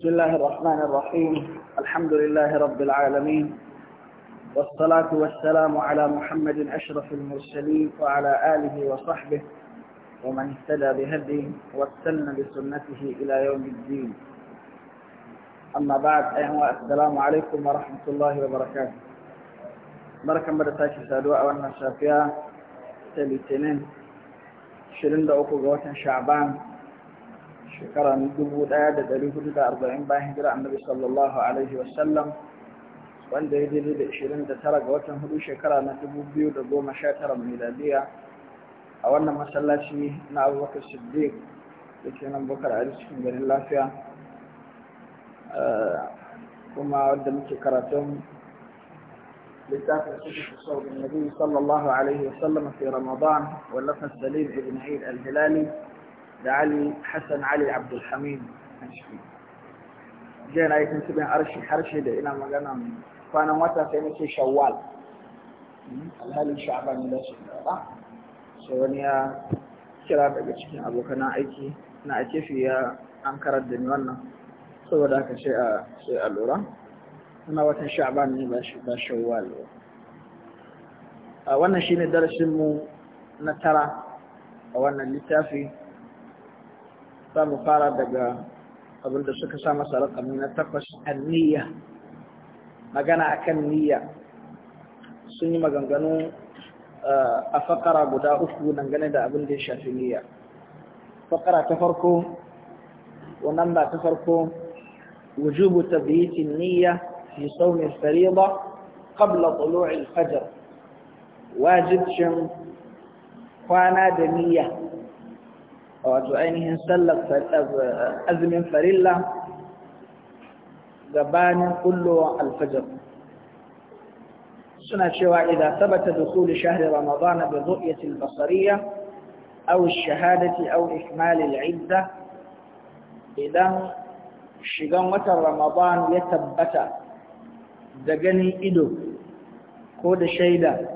بسم الله الرحمن الرحيم الحمد لله رب العالمين والصلاة والسلام على محمد أشرف المرسلين وعلى آله وصحبه ومن اهتدى بهدي واتسلنا بسنته إلى يوم الدين أما بعد أيها السلام عليكم ورحمة الله وبركاته بركة مدتاك سادواء والنشافية سبيتنين شرين دعوكو شعبان شكرا ندبو الآد دليل كل أربعين باهجرة عن النبي صلى الله عليه وسلم وان ده يدي لدي شرين ده ترق وطن هدو شكرا ندبو بيو دبو مشاكرة من الادية اوانا ما سلاشي انا ابو بكر الصديق لكي انا بكر عريس كم بني الله فيا كما اود ان تكرتم لتاكل سيدي في صور النبي صلى الله عليه وسلم في رمضان واللفن السليم ابن عيد الهلالي da Ali Hassan Ali Abdulhamid a ciki. Jiya na yi tuntuɓin harshe da ina magana kwanan wata sai nake shawwal. Hmm, Alhalin sha'aba ne da su ba. So wani ya kira daga cikin abokan aiki na a kefi ya an karar da ni wannan. Saboda haka sai a sai a lura. Ina watan sha'aba ne ba shawwal. Wannan shi ne darasinmu na tara a wannan littafi za mu fara daga abin da suka sa masa rakami na takwas niyya magana akan niyya sun yi maganganu a fakara guda uku dangane da abin da ya shafi niyya fakara ta farko wannan ba ta farko wujubu tabyitin niyya fi sawmi al-fariida qabla tulu'i al-fajr wajibcin kwana da niyya أو أدعينه سلق فأذن فريلا غبان كل الفجر سنة شواء إذا ثبت دخول شهر رمضان بضؤية البصرية أو الشهادة أو إكمال العدة إذا شغان وتر رمضان يتبت دقني إدو كود شيدا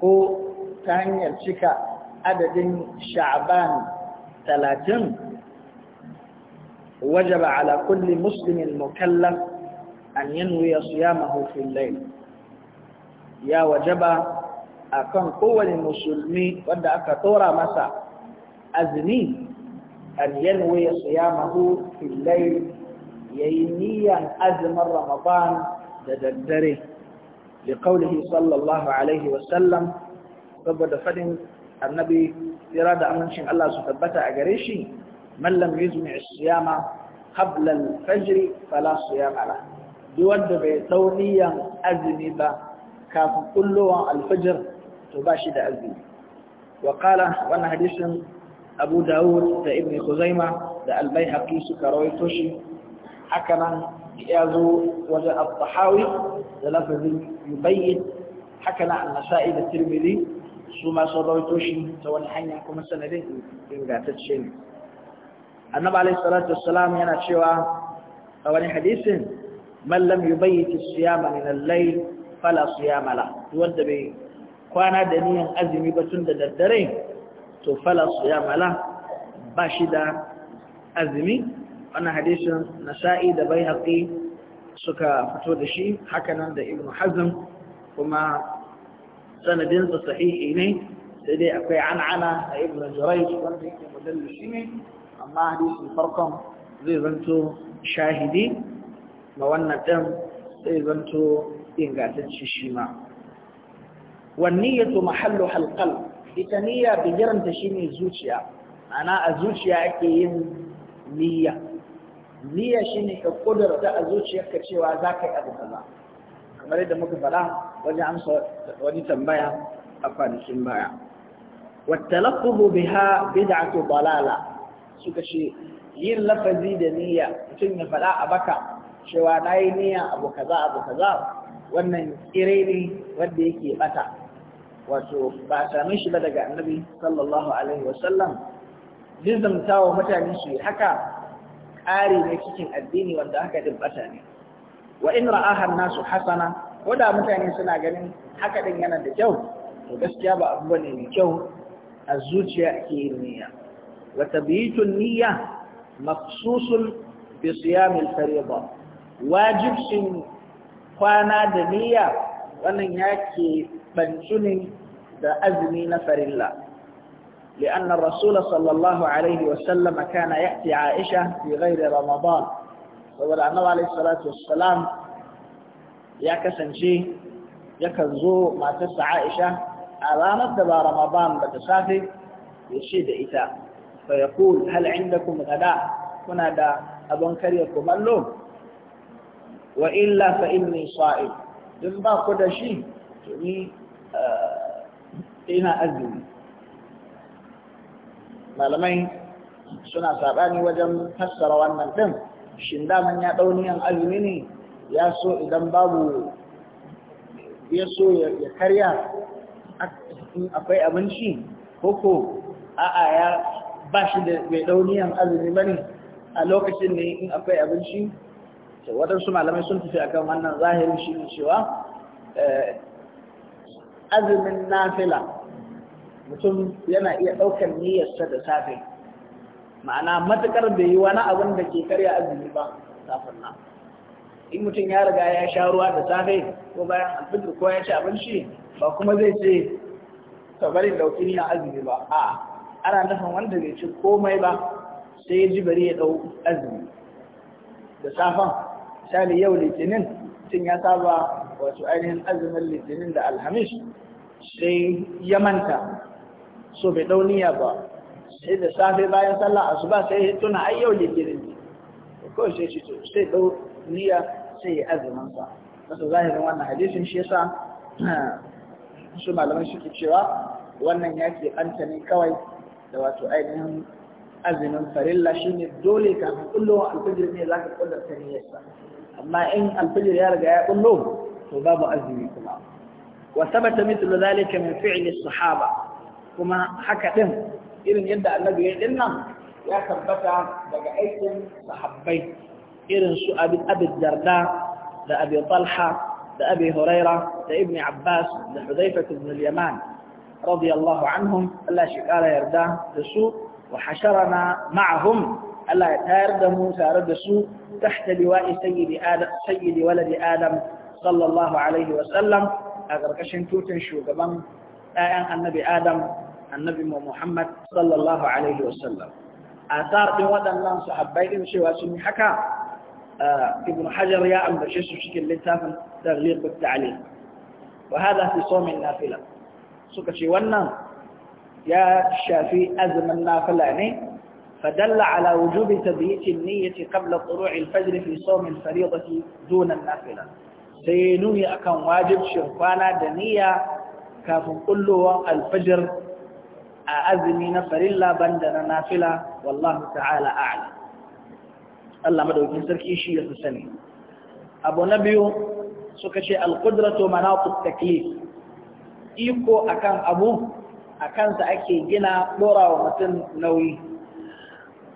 كو تانيا تشكا عددين شعبان ثلاثين وجب على كل مسلم مكلف أن ينوي صيامه في الليل يا وجب أكون قوة مسلمي ودى أكتورا مساء أذني أن ينوي صيامه في الليل يينيا أذن رمضان تددره لقوله صلى الله عليه وسلم قبل فدن النبي tsira da amincin Allah su tabbata a gare shi man lam yuzmi siyama qabla al-fajr fala siyama la duk wanda bai tauriyan azumi ba kafin kullowan al-fajr to ba shi da azumi wa qala wannan hadisin Abu Dawud da Ibn Khuzaima da Al-Baihaqi suka rawaito shi haka nan ya zo wajen Al-Tahawi da lafazin yubayyin haka nan An-Nasa'i da Tirmidhi su ma sun rawaito shi ta wani hanya kuma sanadin ingantacce ne annabi alaihi salatu yana cewa a wani hadisin Mallam lam yubayyit as-siyama min al fala siyama la bai kwana da niyan azumi ba tun da daddare to fala siyama la ba shi da azumi Wani hadisin nasa'i da baihaqi suka fito da shi hakanan da ibnu hazm kuma sanadinsa sahihi ne sai dai akwai an'ana a ibn jurayj wanda yake mudallisi ne amma hadisi farkon zai zanto shahidi ma wannan din zai zanto ingantacce shi ma wan niyyatu mahallu halqal ita niyya bijiranta shine zuciya ana a zuciya ake yin niyya niyya shine ka kudurta a zuciyarka cewa zaka yi abu kaza kamar yadda muka fada wajen amsa wani tambaya a kwanakin baya wattalaquhu biha bid'atu dalala suka ce yin lafazi da niyya mutum ya faɗa a baka cewa na yi niyya abu kaza abu kaza wannan kire ne wanda yake bata wato ba a same shi ba daga annabi sallallahu alaihi jizamtawa mutane su haka ƙari ne cikin addini wanda haka dubbata ne وإن رآها الناس حسنة ودا مثلا سنا غنين حكى دين يانا دا كيو تو غاسكيا با ابوني ني كيو وتبييت النية مخصوص بصيام الفريضة واجب سن كوانا دا نية wannan yake bancu نفر الله لأن الرسول صلى الله عليه وسلم كان يأتي عائشة في غير رمضان saboda annabi alaihi salatu wassalam ya kasance yakan zo matarsa Aisha a ranar da ba Ramadan ba ta safe ya ce da ita fa yaqul hal indakum gada kuna da abin karya kumallo wa illa fa inni sa'im din ba ku da shi to ni eh, ina azumi malamai suna saɓani wajen fassara wannan ɗin shin daman ya dauni an azumi ne ya so idan babu ya so ya karya akwai abinci koko a'a ya ba shi da mai ɗauniyan azumi ba ne a lokacin ne in akwai abinci Wadansu malamai sun tafi akan wannan zahirin shi ne cewa eh, azumin nafila mutum yana iya ɗaukar niyyarsa da safe ma'ana matukar bai yi wani abin da ke karya azumi ba kafin nan in mutum ya riga ya sha ruwa da safe ko bayan alfijir ko ya ci abinci ba kuma zai ce ka bari dauki ni azumi ba a ana nufin wanda bai ci komai ba sai ya ji bari ya dau azumi da safan misali yau litinin mutum ya saba wato ainihin azumin litinin da alhamis sai ya manta so bai dau niyya ba sai da safe bayan sallah asuba sai ya tuna ai yau litinin ko sai shi to sai dau niyya sai ya azumin sa masa zahirin wannan hadisin shi yasa su malaman suke cewa wannan ya ke ɓanta ne kawai da wato ainihin azumin farilla shine dole kafin kullo alfajir ne zaka kullar ta niyyarsa amma in alfajir ya riga ya kullo to babu azumi kuma wa sabata mithlu dhalika min fi'li sahaba kuma haka din irin yadda annabi ya din nan ya tabbata daga aikin sahabbai irin su abin darda da abi talha da abi huraira da ibn abbas da hudayfa ibn al-yaman radiyallahu anhum Allah shi kara yarda da su wa hasharana ma'ahum Allah ya tayar da mu tare da su tahta liwa'i sayyidi adam sayyidi waladi adam sallallahu alaihi wa sallam a karkashin tutun shugaban ɗayan annabi adam النبي محمد صلى الله عليه وسلم أثار في وضع الله صحابين شوى سمي حكا آه، ابن حجر يا أم بشيس وشكل لتافا تغليق التعليم وهذا في صوم النافلة سوك شوانا يا الشافي أزم النافلة يعني فدل على وجوب تبييت النية قبل طلوع الفجر في صوم الفريضة دون النافلة سينوي أكا واجب شرفانا دنيا كافن قلوا الفجر a azumi na farilla banda na nafila wallahu ta'ala a'lam Allah madaukin sarki shi ya sani abu na biyu suka ce alqudratu manatu taklif iko akan abu akan sa ake gina dora wa mutum nauyi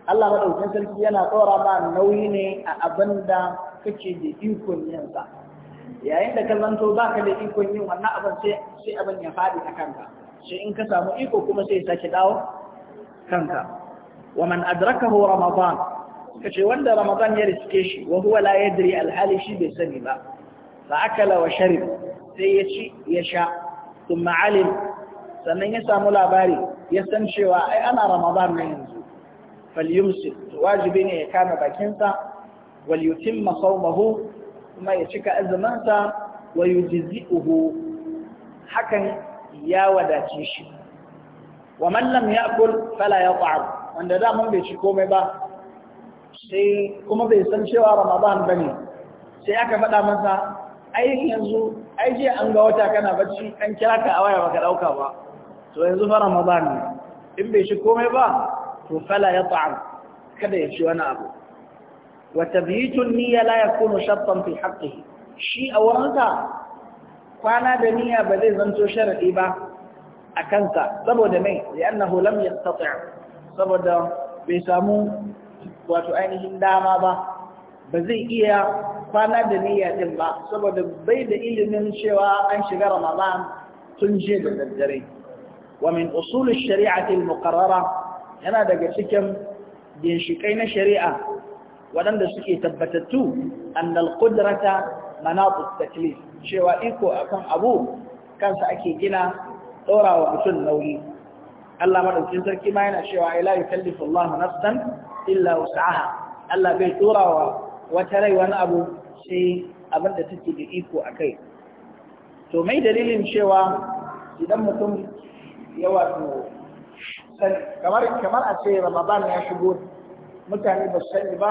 Allah madaukin sarki yana dora ma nauyi ne a abinda kake da ikon yin sa yayin da ka zanto baka da ikon yin wannan abin sai abin ya faɗi a kanka sai in ka samu iko kuma sai sake dawo kanka wa man adrakahu ramadan kace wanda ramadan ya riske shi wa huwa la yadri alhali shi bai sani ba fa akala wa sharib sai ya ci ya sha thumma alim sannan ya samu labari ya san cewa ai ana ramadan ne yanzu falyumsik wajibi ne ya kama bakinsa wal yutimma sawmahu kuma ya cika azumansa wa yujzi'uhu hakan ya wadace shi wa man lam ya'kul fala yat'am wanda da mun bai ci komai ba sai kuma bai san cewa ramadan bane sai aka faɗa masa ai yanzu ai je an ga wata kana bacci an kira ka a waya baka dauka ba to yanzu fa ramadan ne in bai ci komai ba to fala yat'am kada ya ci wani abu wa tabyitun niyya la yakunu shattan fi haqqihi shi a wurinka kwana da niyya ba zai zanto sharadi ba a kansa saboda mai li'annahu lam tsatsa saboda bai samu wato ainihin dama ba ba zai iya kwana da niyya din ba saboda bai da ilimin cewa an shiga ramadan tun je da daddare wa min shari'a ash-shari'ati muqarrara yana daga cikin ginshikai na shari'a waɗanda suke tabbatattu annal qudrata manaqut taklif cewa iko akan abu kansa ake gina ɗora wa mutum nauyi Allah maɗaukin sarki ma yana cewa ila yukallifu Allah nafsan illa aha. Allah bai ɗora wa wata rai wani abu sai abin da take da iko akai to mai dalilin cewa idan mutum ya wato kamar kamar a ce Ramadan ya shigo mutane ba su sani ba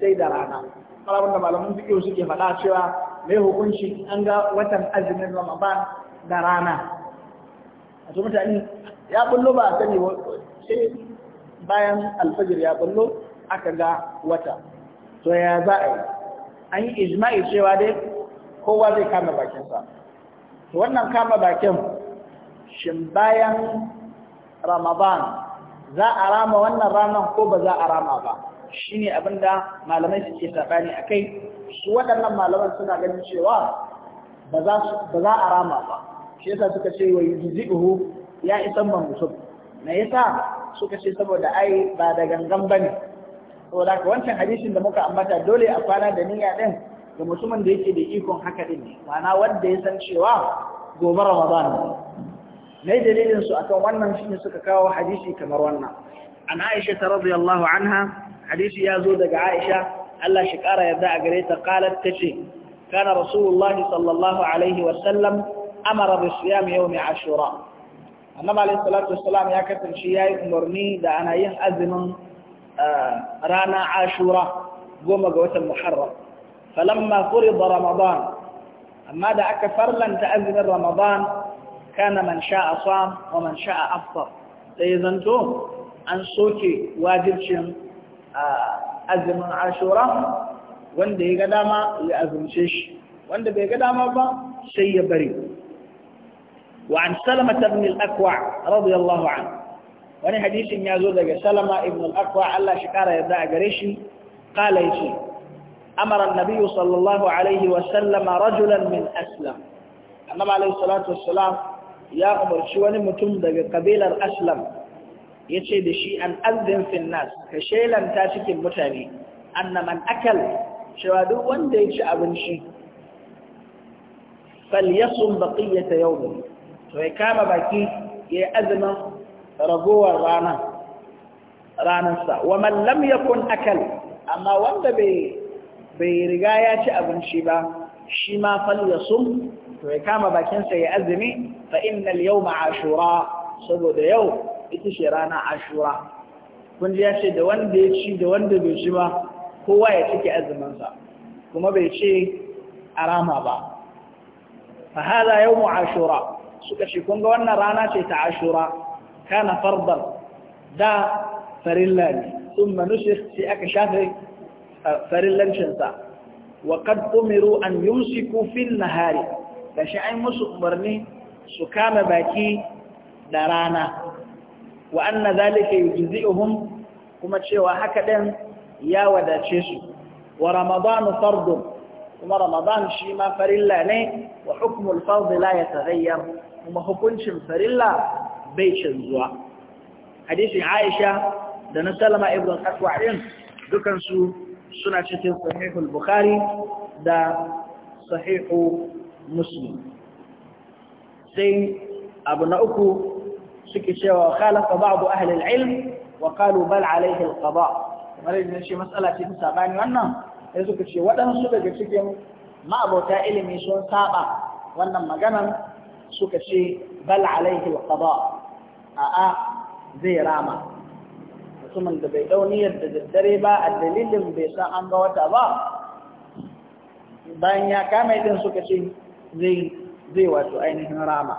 sai da rana. Kamar da malaman fiƙo suke faɗa cewa mai hukunci an ga watan azumin ramadan da rana a to mutane ya bullo ba a sani sai bayan alfajir ya bullo aka ga wata to ya za a yi an yi ijma'i cewa dai kowa zai kama bakinsa to wannan kama bakin shin bayan ramadan za a rama wannan ranar ko ba za a rama ba shine abinda malamai suke sabani akai su waɗannan malaman suna ganin cewa ba za a rama ba shi yasa suka ce wa yujzi'uhu ya isan man mutum me yasa suka ce saboda ai ba da gangan bane saboda ka wancan hadisin da muka ambata dole a kwana da niyya din ga mutumin da yake da ikon haka din ne ma'ana wanda ya san cewa gobe ramadan ne dalilin su akan wannan shine suka kawo hadisi kamar wannan an Aisha radiyallahu anha حديث يازود عائشة ألا شكارة يبدع قريتا قالت تشي كان رسول الله صلى الله عليه وسلم أمر بالصيام يوم عاشوراء النبي عليه الصلاة والسلام يا كتر شيئي أمرني دا أنا يهأذن آه، رانا عاشوراء قوم قوت المحرم فلما فرض رمضان أما دا أكفر لن تأذن رمضان كان من شاء صام ومن شاء أفضل سيزنتم أن صوتي واجب azumin ashura wanda ya ga dama ya azumce shi wanda bai ga dama ba sai ya bari wa salama ibn al-aqwa radiyallahu anhu wani hadisin ya zo daga salama ibn al Allah shi kara yadda a gare shi qala yace amara an-nabiy sallallahu alaihi wa sallama rajulan min aslam annabi alaihi salatu wassalam ya umarci wani mutum daga kabilar aslam ya ce da shi an azin finnas ka shelanta cikin mutane annaman akal cewa duk wanda ya ci abinci falyasun baƙiyyata yau to ya kama baki ya yi azumin ragowar ranar ranarsa wa mallam ya kun akal amma wanda bai riga ya ci abinci ba shi ma falyasun to ya kama bakinsa ya azumi fa innal yau ma'ashura saboda yau ita ce rana ashura kun ji ya ce da wanda ya ci da wanda bai ci ba kowa ya cike azuminsa kuma bai ce arama ba fa hada yawmu ashura suka ce kun ga wannan rana ce ta ashura kana fardan da farilla ne thumma nusikh sai aka shafe farillancin sa wa qad umiru an yumsiku fil nahari da shi ai musu umarni su kama baki da rana wa anna zalika yujzi'uhum kuma cewa haka din ya wadace su wa ramadan fardun kuma ramadan shi ma farilla ne wa hukmul fard la yataghayyar kuma hukuncin farilla bai canzuwa hadisin Aisha da na salama ibn Aswa din dukan su suna cikin sahihul Bukhari da sahihu Muslim sai abu na uku شك الشيء وخالف بعض أهل العلم وقالوا بل عليه القضاء ما رأي من الشيء مسألة في سابان وانا يزوك الشيء وانا سوك الشيء ما أبو تائل من شون سابا وانا ما جنا سوك الشيء بل عليه القضاء آآ زي راما ثم الدبيدوني الدريبة الدليل بيسا عن قوات أبا بأن يا كامل سوك زي زي واتو أينهن راما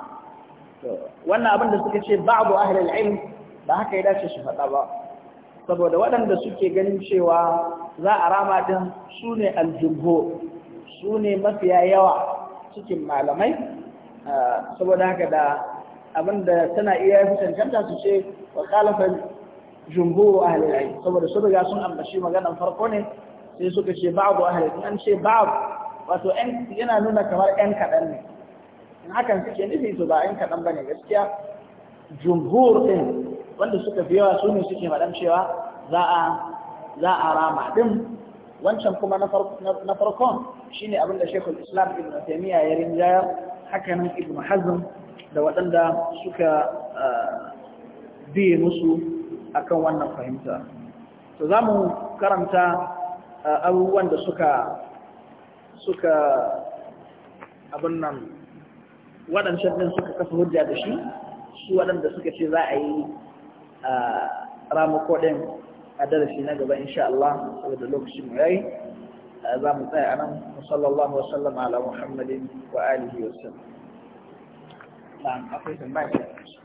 wannan abin da suka ce a ahlul ilm ba haka ya dace shi faɗa ba saboda waɗanda suke ganin cewa za a rama ɗin su ne aljubo su ne mafiya yawa cikin malamai ah, saboda haka da abin da tana iya fi cancanta su ce wa jumbo a ahlul ilm saboda su riga sun ambashi maganar farko ne sai suka ce ba'du ilm an ce abu wato yana nuna kamar 'yan kaɗan ne in hakan suke nufi to ba ‘yan kaɗan ba ne gaskiya jumhur ɗin wanda suka fi yawa su ne suke faɗan cewa za a rama ɗin wancan kuma na farkon shine abinda da shekul islam ibn taimiyya ya rinjaya hakanan ibn hazm da waɗanda suka eh, biye musu akan wannan fahimta to za mu karanta eh, abubuwan da suka suka abin nan waɗancan ɗin suka kafa hujja da shi su waɗanda suka ce za a yi ramako ɗin a darasi na gaba insha Allah saboda lokaci mu yayi za mu tsaya anan musallallahu alaihi wasallam ala muhammadin wa alihi wasallam na'am akwai tambaya